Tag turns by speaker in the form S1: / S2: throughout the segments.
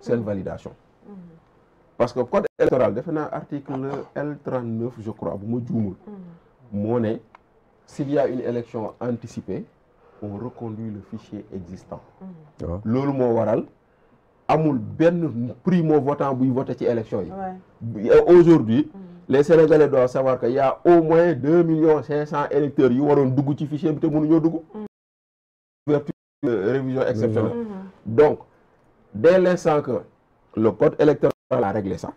S1: C'est une validation parce que code électoral defe l'article article L39 je crois monnaie, s'il y a une élection anticipée on reconduit le fichier existant ah. loolu moo waral amul primo votant il vote ci élection aujourd'hui mm. les Sénégalais doivent savoir Qu'il y a au moins 2 millions cinq électeurs qui ont un fichier te mm. euh, révision exceptionnelle mm. Donc, dès l'instant que le code électoral a réglé ça,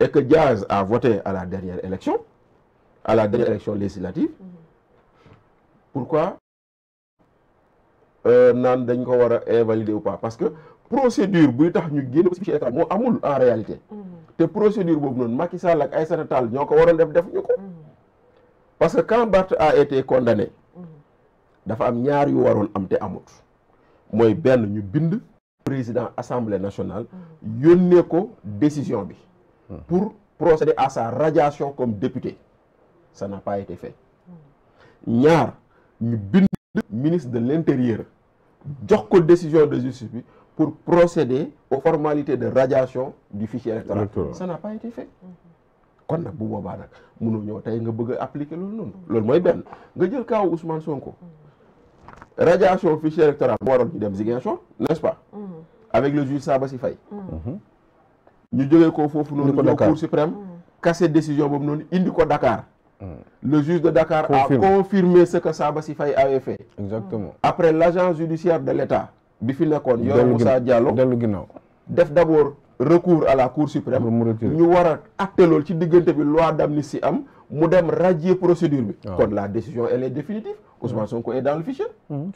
S1: et que Diaz a voté à la dernière élection, à la dernière élection législative, pourquoi euh, naan dañ ko invalider ou pas parce que procédure si tax ñu génn ko ci fichier amul en réalité La mm-hmm. procédure boobu noonu Macky Sall ak Aïssata Tall nous ko def mm-hmm. parce que quand Bart a été condamné mm-hmm. dafa am ñaar yu qui am été moy ben ñu bind président assemblée nationale a ko décision pour procéder à sa radiation comme député ça n'a pas été fait ñaar ñu bind ministre de l'intérieur jox ko décision de justice pour procéder aux formalités de radiation du fichier électoral ça n'a pas été fait kon on bu boobaa nag mënoo ñëw nga bëgg appliquer que noonu loolu mooy nga jël Ousmane Sonko radiation fichier électoral n'est-ce pas mm. avec le juge Sabassi Faye mm. mhm. ñu devons ko nous noonu la cour suprême mm. casser décision il noonu indi Dakar le juge de Dakar a confirmé ce que Sabassi avait fait exactement après l'agence judiciaire de l'État bi fi nekkoon Moussa Diallo d'abord recours à la cour suprême ñu war acter atte la loi d'amnistie am mu dem radier procédure bi ah. la décision elle est définitive Ousmane Sonko est dans le fichier mmh,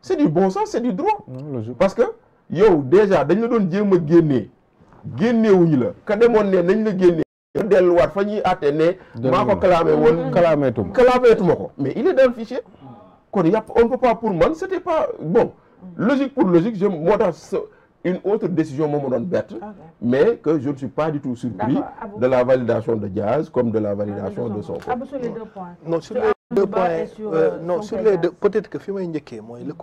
S1: c'est du bon sens c'est du droit mmh, parce que yow déjà dañ la dit que a génnee génneewuñu la ka demoon ne nañ la génnee delluwaat fa ñuy àtte ne maa ko clamé woon mmh. clameetuma mais il est dans le fichier kon yàpp on peut pas pour moi, c'était pas bon logique pour logique je moo une autre décision moo ma ah mais que je ne suis pas du tout surpris de la validation de gaz comme de la validation de son Sonko non sur les deux points non sur les euh, euh, deux peut-être que indiqué moi moi le